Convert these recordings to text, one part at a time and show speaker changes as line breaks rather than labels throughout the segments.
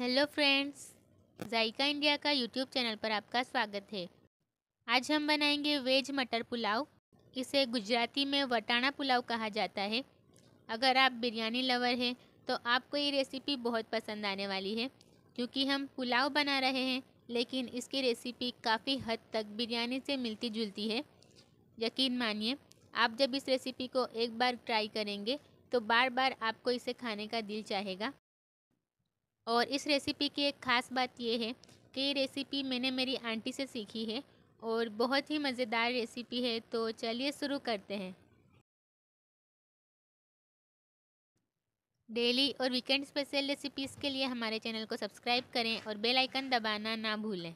hello friends Zaika India का YouTube channel पर आपका स्वागत है आज हम बनाएंगे वेज मटर पुलाव इसे गुजराती में वटाना पुलाव कहा जाता है अगर आप बिरयानी लवर हैं तो आपको ये रेसिपी बहुत पसंद आने वाली है क्योंकि हम पुलाव बना रहे हैं लेकिन इसकी रेसिपी काफ़ी हद तक बिरयानी से मिलती जुलती है यकीन मानिए आप जब इस रेसिपी को एक बार ट्राई करेंगे तो बार बार आपको इसे खाने का दिल चाहेगा और इस रेसिपी की एक ख़ास बात यह है कि ये रेसिपी मैंने मेरी आंटी से सीखी है और बहुत ही मज़ेदार रेसिपी है तो चलिए शुरू करते हैं डेली और वीकेंड स्पेशल रेसिपीज़ के लिए हमारे चैनल को सब्सक्राइब करें और बेल आइकन दबाना ना भूलें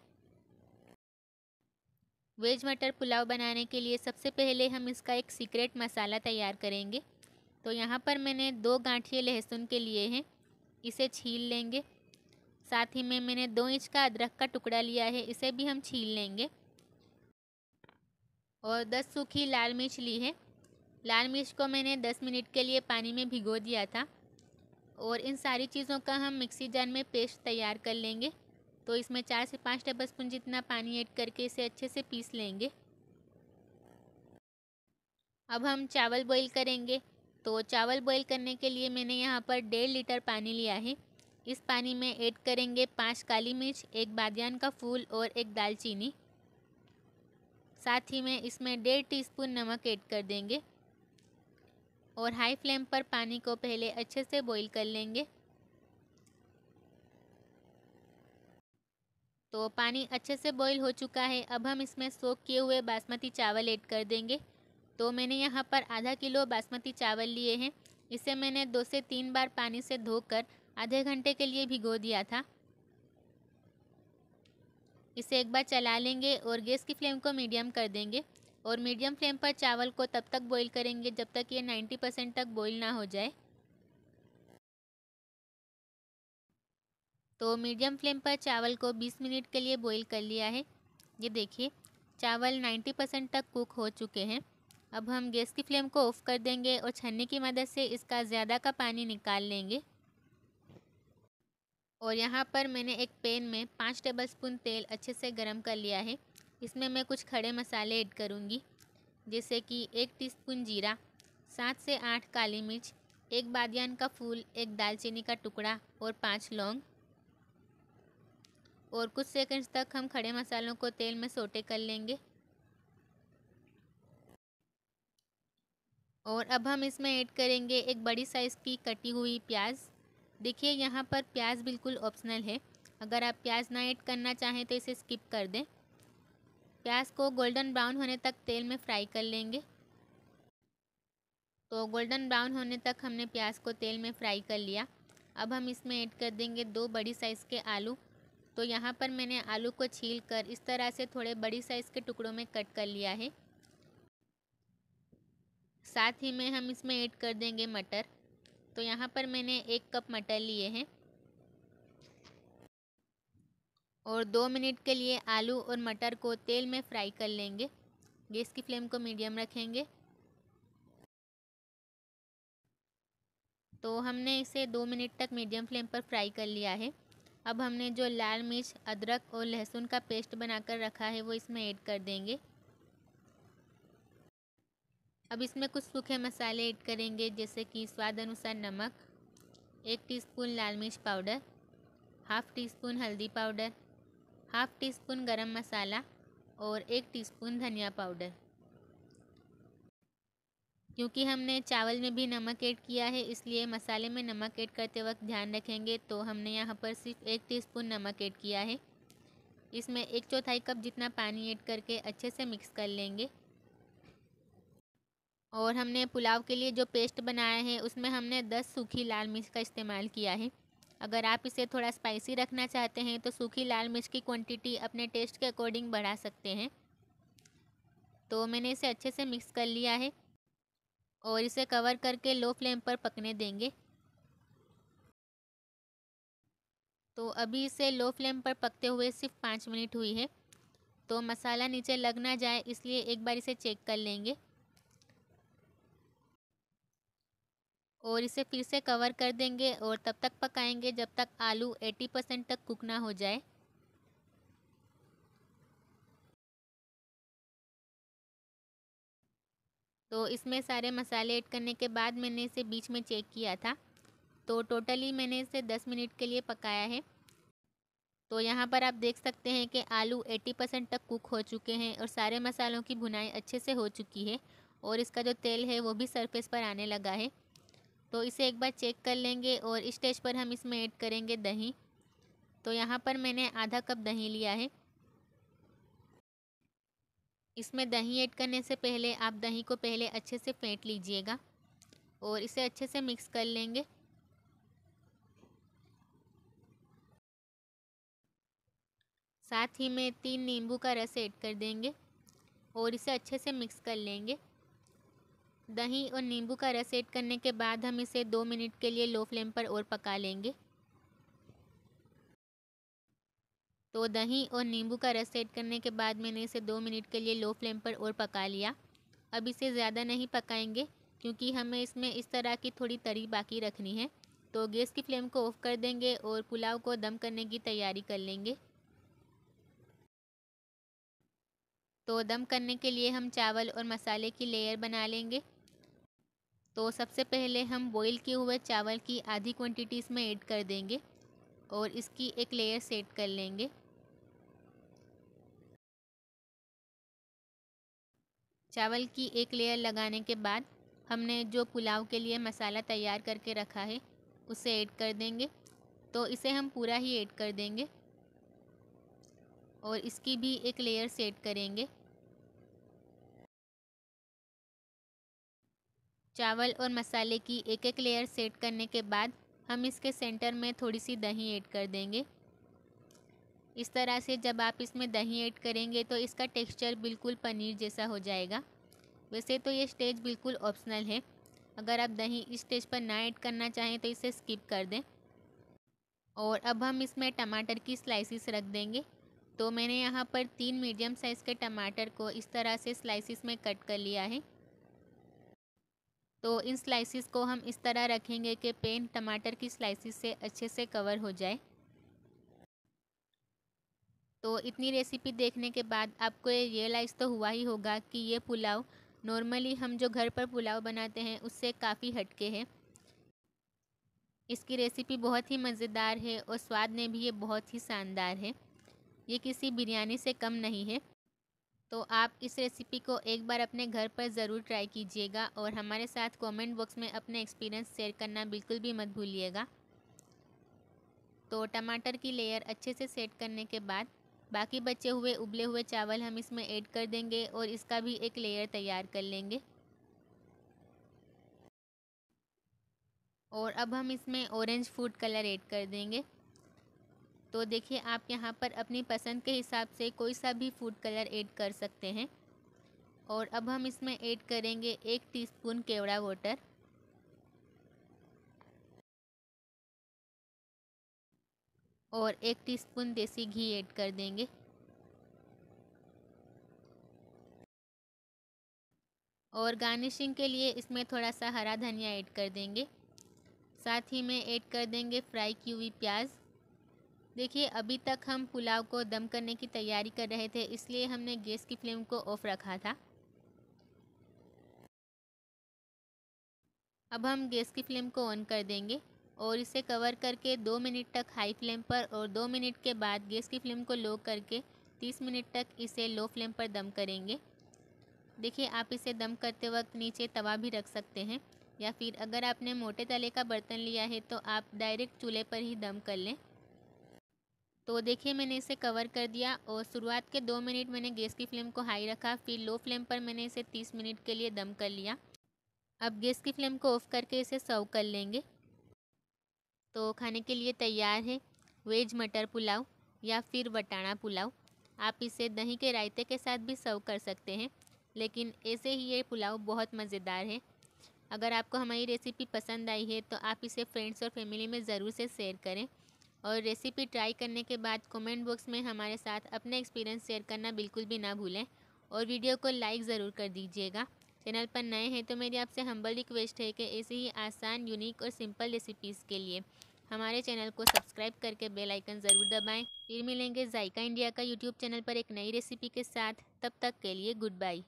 वेज मटर पुलाव बनाने के लिए सबसे पहले हम इसका एक सीक्रेट मसाला तैयार करेंगे तो यहाँ पर मैंने दो गांठिए लहसुन के लिए हैं इसे छील लेंगे साथ ही में मैंने दो इंच का अदरक का टुकड़ा लिया है इसे भी हम छील लेंगे और दस सूखी लाल मिर्च ली है लाल मिर्च को मैंने दस मिनट के लिए पानी में भिगो दिया था और इन सारी चीज़ों का हम मिक्सी जार में पेस्ट तैयार कर लेंगे तो इसमें चार से पाँच टेबल स्पून जितना पानी ऐड करके इसे अच्छे से पीस लेंगे अब हम चावल बॉईल करेंगे तो चावल बॉईल करने के लिए मैंने यहाँ पर डेढ़ लीटर पानी लिया है इस पानी में ऐड करेंगे पांच काली मिर्च एक बादियान का फूल और एक दालचीनी साथ ही में इसमें डेढ़ टीस्पून नमक ऐड कर देंगे और हाई फ्लेम पर पानी को पहले अच्छे से बॉईल कर लेंगे तो पानी अच्छे से बॉईल हो चुका है अब हम इसमें सोख किए हुए बासमती चावल ऐड कर देंगे तो मैंने यहाँ पर आधा किलो बासमती चावल लिए हैं इसे मैंने दो से तीन बार पानी से धोकर आधे घंटे के लिए भिगो दिया था इसे एक बार चला लेंगे और गैस की फ्लेम को मीडियम कर देंगे और मीडियम फ्लेम पर चावल को तब तक बॉईल करेंगे जब तक ये 90 परसेंट तक बॉईल ना हो जाए तो मीडियम फ्लेम पर चावल को 20 मिनट के लिए बॉईल कर लिया है ये देखिए चावल 90 परसेंट तक कुक हो चुके हैं अब हम गैस की फ्लेम को ऑफ़ कर देंगे और छन्नी की मदद से इसका ज़्यादा का पानी निकाल लेंगे और यहाँ पर मैंने एक पैन में पाँच टेबल स्पून तेल अच्छे से गर्म कर लिया है इसमें मैं कुछ खड़े मसाले ऐड करूँगी जैसे कि एक टीस्पून जीरा सात से आठ काली मिर्च एक बादियान का फूल एक दालचीनी का टुकड़ा और पाँच लौंग और कुछ सेकंड्स तक हम खड़े मसालों को तेल में सोटे कर लेंगे और अब हम इसमें ऐड करेंगे एक बड़ी साइज़ की कटी हुई प्याज देखिए यहाँ पर प्याज बिल्कुल ऑप्शनल है अगर आप प्याज ना ऐड करना चाहें तो इसे स्किप कर दें प्याज को गोल्डन ब्राउन होने तक तेल में फ्राई कर लेंगे तो गोल्डन ब्राउन होने तक हमने प्याज को तेल में फ्राई कर लिया अब हम इसमें ऐड कर देंगे दो बड़ी साइज़ के आलू तो यहाँ पर मैंने आलू को छील कर इस तरह से थोड़े बड़ी साइज़ के टुकड़ों में कट कर लिया है साथ ही में हम इसमें ऐड कर देंगे मटर तो यहाँ पर मैंने एक कप मटर लिए हैं और दो मिनट के लिए आलू और मटर को तेल में फ्राई कर लेंगे गैस की फ्लेम को मीडियम रखेंगे तो हमने इसे दो मिनट तक मीडियम फ्लेम पर फ्राई कर लिया है अब हमने जो लाल मिर्च अदरक और लहसुन का पेस्ट बनाकर रखा है वो इसमें ऐड कर देंगे अब इसमें कुछ सूखे मसाले ऐड करेंगे जैसे कि स्वाद अनुसार नमक एक टीस्पून लाल मिर्च पाउडर हाफ़ टी स्पून हल्दी पाउडर हाफ़ टी स्पून गरम मसाला और एक टीस्पून धनिया पाउडर क्योंकि हमने चावल में भी नमक ऐड किया है इसलिए मसाले में नमक ऐड करते वक्त ध्यान रखेंगे तो हमने यहाँ पर सिर्फ एक टीस्पून नमक ऐड किया है इसमें एक चौथाई कप जितना पानी ऐड करके अच्छे से मिक्स कर लेंगे और हमने पुलाव के लिए जो पेस्ट बनाया है उसमें हमने 10 सूखी लाल मिर्च का इस्तेमाल किया है अगर आप इसे थोड़ा स्पाइसी रखना चाहते हैं तो सूखी लाल मिर्च की क्वांटिटी अपने टेस्ट के अकॉर्डिंग बढ़ा सकते हैं तो मैंने इसे अच्छे से मिक्स कर लिया है और इसे कवर करके लो फ्लेम पर पकने देंगे तो अभी इसे लो फ्लेम पर पकते हुए सिर्फ पाँच मिनट हुई है तो मसाला नीचे लग ना जाए इसलिए एक बार इसे चेक कर लेंगे और इसे फिर से कवर कर देंगे और तब तक पकाएंगे जब तक आलू 80 परसेंट तक कुक ना हो जाए तो इसमें सारे मसाले ऐड करने के बाद मैंने इसे बीच में चेक किया था तो टोटली मैंने इसे 10 मिनट के लिए पकाया है तो यहाँ पर आप देख सकते हैं कि आलू 80 परसेंट तक कुक हो चुके हैं और सारे मसालों की भुनाई अच्छे से हो चुकी है और इसका जो तेल है वो भी सरफेस पर आने लगा है तो इसे एक बार चेक कर लेंगे और स्टेज पर हम इसमें ऐड करेंगे दही तो यहाँ पर मैंने आधा कप दही लिया है इसमें दही ऐड करने से पहले आप दही को पहले अच्छे से फेंट लीजिएगा और इसे अच्छे से मिक्स कर लेंगे साथ ही में तीन नींबू का रस ऐड कर देंगे और इसे अच्छे से मिक्स कर लेंगे दही और नींबू का रस ऐड करने के बाद हम इसे दो मिनट के लिए लो फ्लेम पर और पका लेंगे तो दही और नींबू का रस ऐड करने के बाद मैंने इसे दो मिनट के लिए लो फ्लेम पर और पका लिया अब इसे ज़्यादा नहीं पकाएंगे क्योंकि हमें इसमें इस तरह की थोड़ी तरी बाकी रखनी है तो गैस की फ्लेम को ऑफ़ कर देंगे और पुलाव को दम करने की तैयारी कर लेंगे तो दम करने के लिए हम चावल और मसाले की लेयर बना लेंगे तो सबसे पहले हम बॉईल किए हुए चावल की आधी क्वांटिटी इसमें ऐड कर देंगे और इसकी एक लेयर सेट कर लेंगे चावल की एक लेयर लगाने के बाद हमने जो पुलाव के लिए मसाला तैयार करके रखा है उसे ऐड कर देंगे तो इसे हम पूरा ही ऐड कर देंगे और इसकी भी एक लेयर सेट करेंगे चावल और मसाले की एक एक लेयर सेट करने के बाद हम इसके सेंटर में थोड़ी सी दही ऐड कर देंगे इस तरह से जब आप इसमें दही ऐड करेंगे तो इसका टेक्सचर बिल्कुल पनीर जैसा हो जाएगा वैसे तो ये स्टेज बिल्कुल ऑप्शनल है अगर आप दही इस स्टेज पर ना ऐड करना चाहें तो इसे स्किप कर दें और अब हम इसमें टमाटर की स्लाइसिस रख देंगे तो मैंने यहाँ पर तीन मीडियम साइज़ के टमाटर को इस तरह से स्लाइसिस में कट कर लिया है तो इन स्लाइसिस को हम इस तरह रखेंगे कि पेन टमाटर की स्लाइसिस से अच्छे से कवर हो जाए तो इतनी रेसिपी देखने के बाद आपको ये रियलाइज़ तो हुआ ही होगा कि ये पुलाव नॉर्मली हम जो घर पर पुलाव बनाते हैं उससे काफ़ी हटके है इसकी रेसिपी बहुत ही मज़ेदार है और स्वाद में भी ये बहुत ही शानदार है ये किसी बिरयानी से कम नहीं है तो आप इस रेसिपी को एक बार अपने घर पर ज़रूर ट्राई कीजिएगा और हमारे साथ कमेंट बॉक्स में अपने एक्सपीरियंस शेयर करना बिल्कुल भी मत भूलिएगा तो टमाटर की लेयर अच्छे से सेट करने के बाद बाकी बचे हुए उबले हुए चावल हम इसमें ऐड कर देंगे और इसका भी एक लेयर तैयार कर लेंगे और अब हम इसमें ऑरेंज फूड कलर ऐड कर देंगे तो देखिए आप यहाँ पर अपनी पसंद के हिसाब से कोई सा भी फूड कलर ऐड कर सकते हैं और अब हम इसमें ऐड करेंगे एक टीस्पून केवड़ा वाटर और एक टीस्पून देसी घी ऐड कर देंगे और गार्निशिंग के लिए इसमें थोड़ा सा हरा धनिया ऐड कर देंगे साथ ही में ऐड कर देंगे फ्राई की हुई प्याज़ देखिए अभी तक हम पुलाव को दम करने की तैयारी कर रहे थे इसलिए हमने गैस की फ्लेम को ऑफ़ रखा था अब हम गैस की फ्लेम को ऑन कर देंगे और इसे कवर करके दो मिनट तक हाई फ्लेम पर और दो मिनट के बाद गैस की फ्लेम को लो करके तीस मिनट तक इसे लो फ्लेम पर दम करेंगे देखिए आप इसे दम करते वक्त नीचे तवा भी रख सकते हैं या फिर अगर आपने मोटे तले का बर्तन लिया है तो आप डायरेक्ट चूल्हे पर ही दम कर लें तो देखिए मैंने इसे कवर कर दिया और शुरुआत के दो मिनट मैंने गैस की फ्लेम को हाई रखा फिर लो फ्लेम पर मैंने इसे तीस मिनट के लिए दम कर लिया अब गैस की फ्लेम को ऑफ़ करके इसे सर्व कर लेंगे तो खाने के लिए तैयार है वेज मटर पुलाव या फिर वटाना पुलाव आप इसे दही के रायते के साथ भी सर्व कर सकते हैं लेकिन ऐसे ही ये पुलाव बहुत मज़ेदार है अगर आपको हमारी रेसिपी पसंद आई है तो आप इसे फ्रेंड्स और फैमिली में ज़रूर से शेयर करें और रेसिपी ट्राई करने के बाद कमेंट बॉक्स में हमारे साथ अपने एक्सपीरियंस शेयर करना बिल्कुल भी ना भूलें और वीडियो को लाइक ज़रूर कर दीजिएगा चैनल पर नए हैं तो मेरी आपसे हम्बल रिक्वेस्ट है कि ऐसे ही आसान यूनिक और सिंपल रेसिपीज़ के लिए हमारे चैनल को सब्सक्राइब करके बेल आइकन ज़रूर दबाएं फिर मिलेंगे जायका इंडिया का यूट्यूब चैनल पर एक नई रेसिपी के साथ तब तक के लिए गुड बाई